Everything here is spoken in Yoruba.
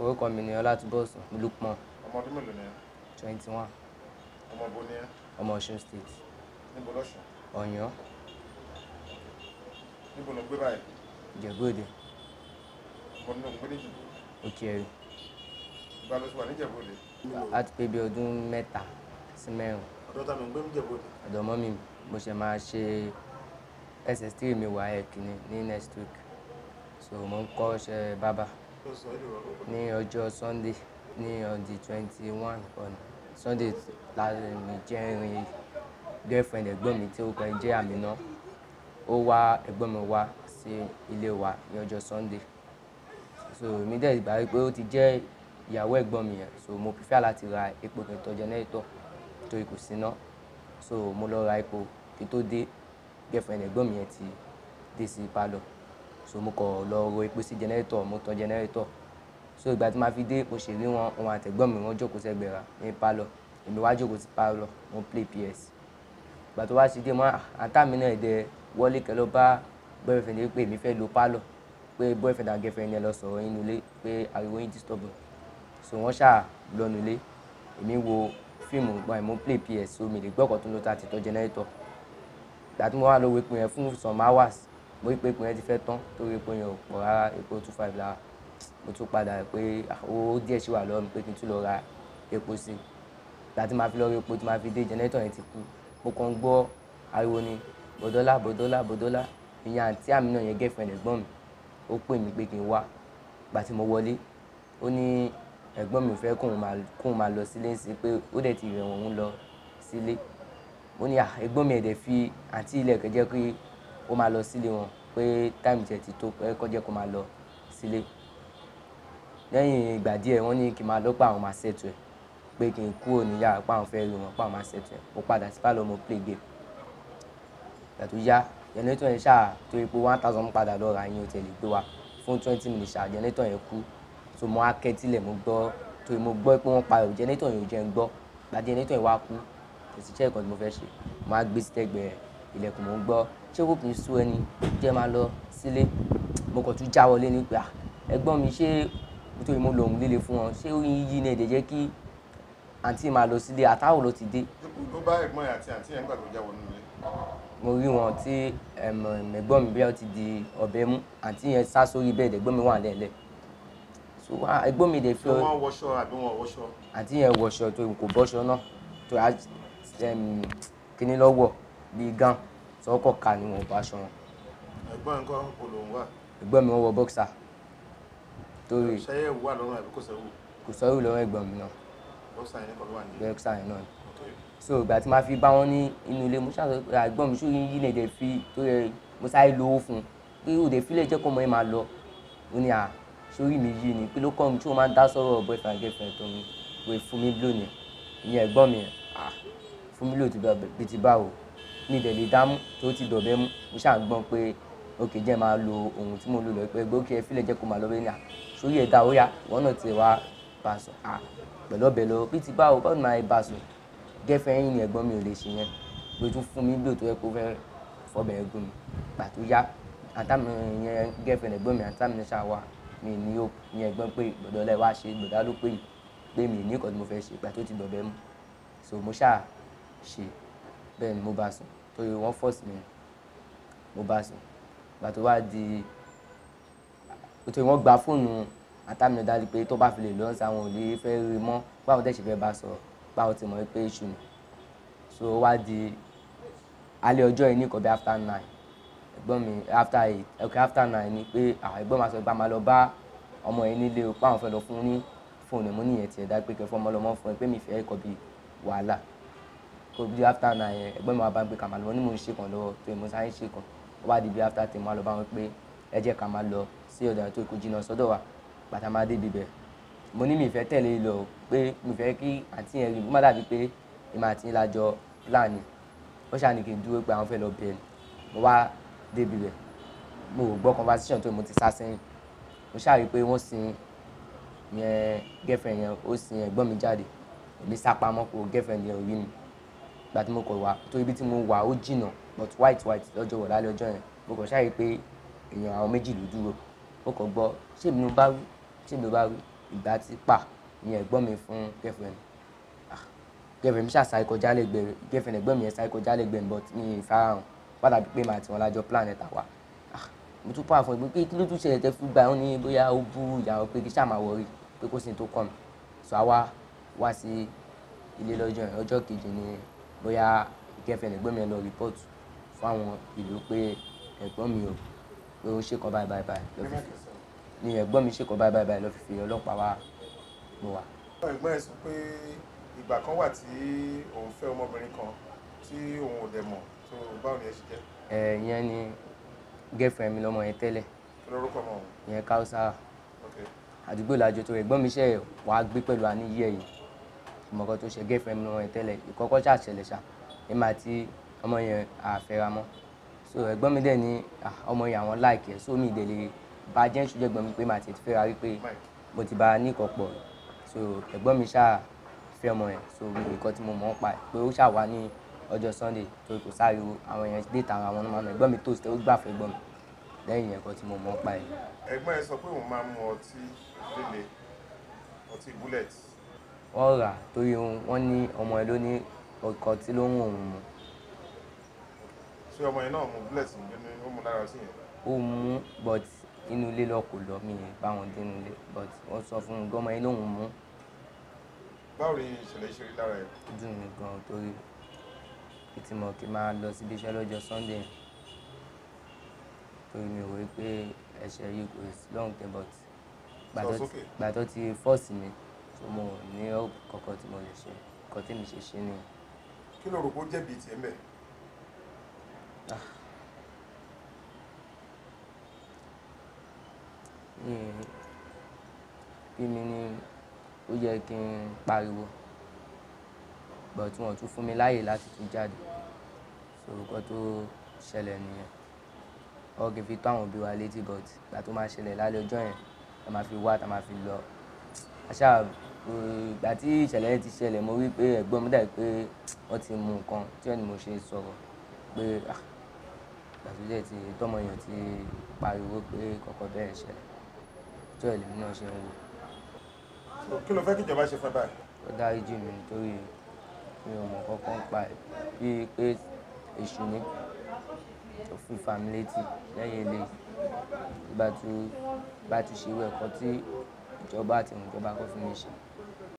orúkọ mi ni ọlátúbọ̀sùn lukman. ọmọ ọdún mélòó ni ẹ. twenty one. ọmọ ibo ni ẹ. ọmọ ọ̀ṣun state. níbo lọ́ṣun. ọ̀yọ́. níbo ló gbé báyìí. ìjẹ̀bú-òde. mo ní òǹgbẹ́ níjì. òkèèrè. ìgbà ló ti wà níjẹ̀bú-òde. a ti pé bí ọdún mẹ́ta sí mẹ́rin. ọ̀dọ́ ta ló gbé níjẹ̀bú-òde. ọ̀dọ̀ mọ́ mi mo ṣe máa ṣe ss3 mi wà ní ọjọ́ sunday ní on the twenty one on sunday mi jẹ́ irin girlfriend ẹ̀gbọ́n mi tí orúkọ ẹ̀ jẹ́ àmínà ó wá ẹ̀gbọ́n mi wá sí ilé wa ní ọjọ́ sunday so mi dẹ̀ gbà pé ó ti jẹ́ ìyàwó ẹ̀gbọ́n mi yẹn so mo prefer láti ra epo kí n tọ́ jẹnẹ́tọ̀ torí kò síná so mo lọ ra epo kí n tó dé girlfriend ẹ̀gbọ́n mi yẹn ti dé sí pálọ̀ so mo kọ̀ lọ ro epo sí jẹnẹrétọ̀ mo tan jẹnẹrétọ̀ so ìgbà tí màá fi dé mo ṣèlérí wọn òun àtẹ̀gbọ́n mi wọ́n jókòó sẹ́gbẹ̀ra ní pálọ̀ èmi wá jókòó sí pálọ̀ mo play PS ìgbà tó wá sí dé mo ah, àtà mi náà dẹ wọlé kẹlọ bá boyfriend ní pé èmi fẹ́ lo pálọ̀ pé boyfriend and girlfriend yẹn lọ sọ̀rọ̀ yín nulẹ̀ pé ariwo yín disturb me so wọ́n ṣáà lọ nulẹ̀ èmi wo fíìmù gbọ́n ẹ̀ mo play PS so mi lè gbọ́kọ̀ tó ń lo ta ti tọ́ ìgbà tí mo wá lọ wípé yẹn fún some hours mo rí pé epo yẹn ti fẹ́ tán torí epo yẹn ò pọ̀ rárá epo two five la mo tún padà pé owó díẹ̀ ṣì wà lọ́wọ́ mi pé kí n tún lọ ra epo sí láti máa fi lọ rí epo tí máa fi dé jẹnẹrétọ̀ yẹn ti kú mo kàn ń gbọ́ ariwo ni bòdọ́là bòdọ́là bòdọ́là ìyẹn àǹtí àmì náà yẹn gẹ́fẹ̀ẹ́ ẹ̀gbọ́n mi ó pè mí pé kí n wá gbà tí mo wọlé ó ní ẹ̀gbọ́n mi ò fẹ́ kóun máa lọ sílé sí pé ó dẹ̀ ti rẹ̀ wọ́n lọ sílé ó ní ẹ̀gbọ́n mi ẹ̀dẹ̀ fi àǹtí ilẹ̀ kẹjẹ́ pé ó máa lọ sílé wọn pé táìmù tiẹ̀ ti tó kọjá kó máa lọ sílé lẹ́yìn ìgbà díẹ̀ wọ́n ní kí n máa lọ pa àwọn máa ṣètò ẹ̀ pé kí n kúrò níyà pa àwọn fẹ́ rí wọn pa àwọn máa ṣètò ẹ̀ mo padà sí pálọ̀ mo play game ìgbà tó yá jẹnẹtọ̀ yẹn ṣáà tó yẹ pé one thousand padà lọ ra yín o tẹ̀lé gbé wa fún twenty minutes ṣáà jẹnẹtọ̀ yẹn kú tó mo á kẹ́tílẹ̀ mo gbọ́ tó mo gbọ́ pé wọ́n pariwo jẹnẹtọ̀ yẹn ò jẹ́ ń gbọ́ gbàdé jẹnẹtọ̀ yẹn wá kú kò mo fẹ́ ṣe mo ilẹ̀kùn mò ń gbọ́ ṣé kò kì í sú ẹni jẹ́ máa lọ sílé mo kàn tún já wọlé ní pé ẹ̀gbọ́n mi ṣé nítorí mo lòun líle fún wọn ṣé ó yí ní èdè jẹ́ kí àǹtí máa lọ sílé àtàwọn ló ti dé. ló bá ẹ̀gbọ́n àti àǹtí yẹn gbàgbọ́ já wọnú ilé. mo rí wọn tí ẹ̀gbọ́n mi bí ó ti di ọ̀bẹ mú àǹtí yẹn sá sórí bẹ́ẹ̀ ẹ̀gbọ́n mi wà lẹ́lẹ̀ so ẹ̀gbọ́n mi dẹ̀ fi. wọ́n wọṣọ àbí wọn wọṣọ. àǹtí yẹn wọṣọ tó kò bọ́ṣọ náà tó kíní lọ́wọ́ bíi gan sọ́kọ̀ ká ni wọn ò bá aṣọ wọn. ẹ̀gbọ́n nǹkan olóhùn wà. ẹ̀gbọ́n mi wọ́n wọ bọ́ksà torí. ṣẹ́yẹ wà lọ́rùn àbí kò sẹ́wù. kò sẹ́wù lọ́rùn ẹ̀gbọ́n mi náà. bọ́ksà yẹn kọ́ ló wà ní. bọ́ksà yẹn náà so ìgbà tí màá fi bá wọn ní inú ilé mo ṣàtọ pé àgbọn mi ṣòyìn yìí lè dẹ fi tó yẹ mo sáré lówó fún un pé òde fílẹ̀ jẹ́ kọ́mọ yẹn máa lọ ó ní à sórí mi yìí ni pé ló kọ́ mi tí wọ́n máa ń dá sọ́rọ̀ boyfriend girlfriend tó mi pé fún mi lónìí ìyẹn ẹ̀gbọ́n mi à fún mi lò ti bá wò mi dẹ̀ lè dámú tó ti dọ̀bẹ́ mú mo ṣáà ń gbọ́n pé ok jẹ́ máa lo ohun tí mo lò lọ pé gbókè ẹ fílẹ̀ jẹ́ kó máa lọ bẹ́ẹ̀ ní à sórí ẹ̀dá ó yá wọ́n náà ti wá bá sùn à pẹ̀lú ọbẹ̀ lọ bí ti báwo báwo máa bá sùn gẹ́fẹ́ yín ni ẹ̀gbọ́n mi ò lè ṣe yẹn pé tún fún mi lò tó yẹ kó fẹ́ fọbẹ̀ ẹ̀gbọ́n mi pàtó yá àtàmì yẹn gẹ́fẹ́ ẹ̀gbọ́n mi àtàmì yẹn ṣáà mi ní ó ní ẹ̀gbọ́n pé gbọ́dọ̀ wá ṣe gbọ́dọ̀ pé pé mi ní nǹkan mo fẹ́ ṣe pàtó ti dọ̀bẹ́ mu so mo ṣáà ṣe bẹ́ẹ̀ ni mo bá sùn so wọ́n force mi mo bá sùn ìgbà tó wá di òtún wọ́n gba fóònù àtàmìnà dájú pé tó bá fi lè lọ́sàn àwọn òní fẹ́ rí mọ́ báwo tẹ̀ fẹ́ bá sọ̀rọ̀ báwo ti mọ̀ pé iṣu ni so ó wá di alẹ́ ọjọ́ yìí ní nǹkan bí after nine ẹ̀gbọ́n mi after eight okay after nine ni pé àwọn ẹ̀gbọ́n mi sọ pé a máa lọ bá ọmọ yẹn nílé o pé àwọn fẹ́ lọ fún ní fóònù mo níyẹn tiẹ̀ dá pé kẹfọ́ ọmọ lọ́mọ fún ẹ pé mi fẹ́ kọ́ bí wàhálà tó bí after nine ẹgbẹ́ mi wà bá ń pè ká máa lọ wọ́n ní ṣe kan lọ́wọ́ tó ìmọ̀ sáyé ṣe kan ó wá di bí after ten máa lọ bá wọn pé ẹ jẹ́ ká máa lọ sí ọ̀dà tó kù jìnnà sọ́dọ̀ wa bàtà máa dé bibẹ̀ mo ní mi fẹ́ tẹ̀lé e lọ pé mi fẹ́ kí àǹtí yẹn rí mi má dàbí pé èmi àti yín lájọ láàánú ó ṣàní kí n dúró pé àwọn fẹ́ lọ bí ẹni mo wá dé bibẹ̀ mo gbọ́ conversation tó mo ti sá sẹ́yìn mo ṣàrí pé wọ́n sin yẹn girlfriend yẹn ó sin ẹ̀gbọ́n mi jáde èmi sá pamọ́ kó girlfriend yẹn ò mi ìgbà tí mo kọ̀ wá tó ibi tí mo wà ó jìnà but white white lọ́jọ́ wọ̀ lálẹ́ ọjọ́ yẹn mo kọ̀ ṣáà rí pé èèyàn àwọn méjì ló dúró mo kọ̀ gbọ́ ṣé mi bá wí ṣé mi bá wí ìgbà tí pa ìyẹn ẹ̀gbọ́n mi fún girlfriend ah, girlfriend mi ṣáà sáré kọjá lẹ́gbẹ̀ẹ́ girlfriend ẹ̀gbọ́n mi yẹn sáré kọjá lẹ́gbẹ̀ẹ́ but mi ì farahàn pàtàkì pé màá tiwọn lájọ plan ẹ̀ta wa ah, mo tún pààfọ̀ ìgbé pé kí ló tún ṣẹlẹ̀ tẹ́ fi gbà ó ní bóyá ó bú ìyàwó pé kí ṣáà máa wọrí pé kó sì tó kàn mí so àwa wá sí ilé lọ́jọ́ ọjọ́ kejì ni bóyá girlfriend ẹ̀gbọ́n mi lọ report fáwọn ìlú pé ẹ̀gbọ́n mi ò pé ó ṣèkọ báyìí báyìí báyìí lọ́fíìsì ni ẹ̀gbọ́n mi ṣèkọ báyìí báyìí báyìí lọ́fíìsì ọlọ́pàá wa mú wa. ẹ̀gbọ́n ẹ̀ sọ pé ìgbà kan wà tí òun fẹ́ ọmọbìnrin kan tí òun ò dẹ̀ mọ̀ tó báwo ni ẹ ṣe jẹ́. ẹ yẹn ni girlfriend mi lọmọ yẹn tẹ́lẹ̀ yẹn káwùsà àdúgbò làjọ tó ẹ̀gbọ́n mi ṣe wàá gbé pẹ̀lú àníyí ẹ̀yìn mọ̀kọ́ tó ṣe girlfriend mi lọ́wọ́ yẹn tẹ́lẹ̀ ìkọ́kọ́ ṣàṣẹlẹ̀ ṣá èmi àti ọmọ yẹn àfẹ́ra mọ́ so ẹ̀gbọ́n mi dẹ̀ ní ọmọ yẹn àwọn láìkẹ́ so mi dẹ̀ lè bá jẹ́ ìṣújẹ́ ẹ̀gbọ́n mi pé màá ti fẹ́ra rí pé mo ti bá a ní ìkọ̀pọ̀ so ẹ̀gbọ́n mi ṣáà fẹ́ ọmọ yẹn so nǹkan tí mo mọ̀ ń pa pé ó ṣáà wá ní ọjọ́ sunday tó kò sáriwo àwọn èèyàn déètà ara wọn máa ń ẹ̀gbọ́n mi tó ṣe ó gbàfẹ́ gbọ́n mi lẹ́yìn ẹ̀kọ́ tí mo mọ̀ ń pa ẹ̀. ẹ̀gbọ́n ẹ sọ pé òun máa ń mu ọtí líle ọtí bullet wọ́n rà torí wọ́n ní ọmọ ẹ̀ ló ní ọkọ̀ tí ló ń wò wọ́n mu. ṣé ọmọ yẹn náà mú bless nínú ó mú lára sí yẹn. ó mú but inú ilé lọ kò lọ mí yẹn báwọn dé inú ilé but wọ́n sọ fún mi gọ́mọ yẹn lòún mú. báwo ni ìṣẹ̀lẹ̀ ṣe rí lára ẹ̀. dùn mí gan torí ìtìmọ̀ kí n máa lọ síbi iṣẹ́ lọ́jọ́ sunday torí mi ò wí pé ẹ̀ṣẹ̀ yìí kò sí long term but gbàtọ́ ti fọ́ọ̀sì mi mo ní help kankan tí mo lè ṣe nǹkan tí mi ṣe ṣe ni. kí ló rò pé ó jẹ̀bi tiẹ̀ ah. mẹ́. bí mi ni ó yẹ kí n pariwo gbọ́ tí wọ́n tún fún mi láàyè láti tún jáde sorúkọ tó ṣẹlẹ̀ nìyẹn wọ́n kì í fi tó àwọn òbí wa létí but ìgbà tó máa ṣẹlẹ̀ lálẹ́ ọjọ́ yẹn a máa fi wá a máa fi lọ ìgbà tí ìṣẹ̀lẹ̀ ti ṣẹlẹ̀ mo rí pé ẹ̀gbọ́n mi dà pé wọ́n ti mu nǹkan tí wọ́n ni mo ṣe sọ̀rọ̀ pé ah, ìgbà tó jẹ́ ti tọ́mọ èèyàn ti pariwo pé kọ̀kọ́ bẹ́ẹ̀ ṣẹlẹ̀ tó ẹ̀ lèmi náà ṣe ń wò. kí ló fẹ́ kí ìjọba ṣe fẹ́ báyìí. ó dáríjì mi nítorí mi ò mọ̀ kọ́kọ́ ń pa ẹ̀ bíi pé èṣù ni tó fi fà mí létí lẹ́yìn eléyìí bá tún bá tún ṣe irú ẹ̀kọ́ tí ìjọba àti ìjọba kò fún mi ṣe.